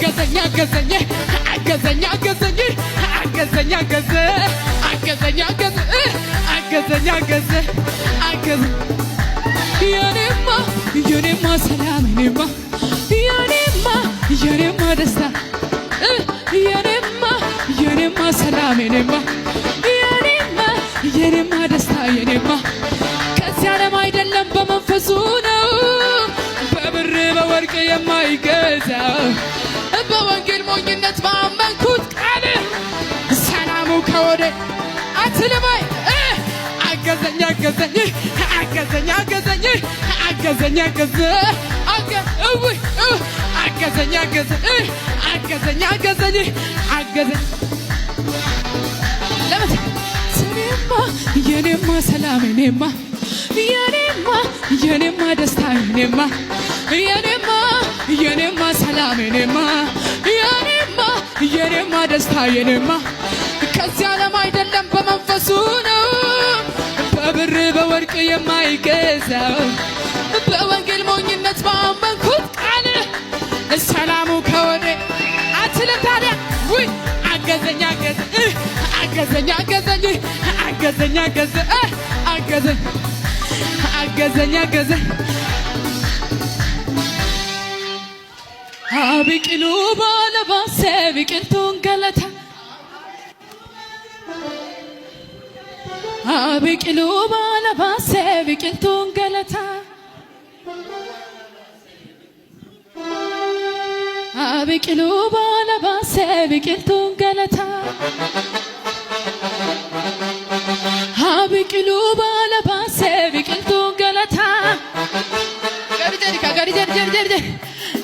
አገዘኝ አገዘኝ አገዘኝ አገዘኝ አገዘኝ አገዘ አገዘኝ አገዘ አገዘኝ አገዘ አገዘ ወርቅ የማይገዛ በወንጌል ሞኝነት ባመንኩት ቃል ሰላሙ ከወደ አትልባይ አገዘኝ አገዘኝ አገዘኝ አገዘኝ አገዘኝ አገዘኝ አገዘኝ አገዘኝ አገዘኝ ስኔማ የኔማ ሰላም ኔማ የኔማ የኔማ ደስታ ኔማ የኔማ የኔማ ሰላም የኔማ የኔማ የኔማ ደስታ የኔማ ከዚህ ዓለም አይደለም በመንፈሱ ነው በብር በወርቅ የማይገዛው በወንጌል ሞኝነት ባመንኩት ቃል ሰላሙ ከወዴ አትልም ታዲያ ውይ አገዘኝ አገዘኝ አገዘኝ አገዘኝ አገዘኝ አገዘኝ አገዘኝ አገዘኝ አገዘኝ አብቅሉ ባለባሰ ብቅልቱን ገለተ አብቅሉ ባለባሰ ብቅልቱን ገለተ አብቅሉ ባለባሰ ብቅልቱን ገለታ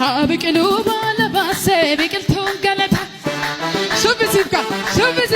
አብቅሉ ባለባሴ ቢቅልቱን ገለታ ሹብሲብካ ሹብሲ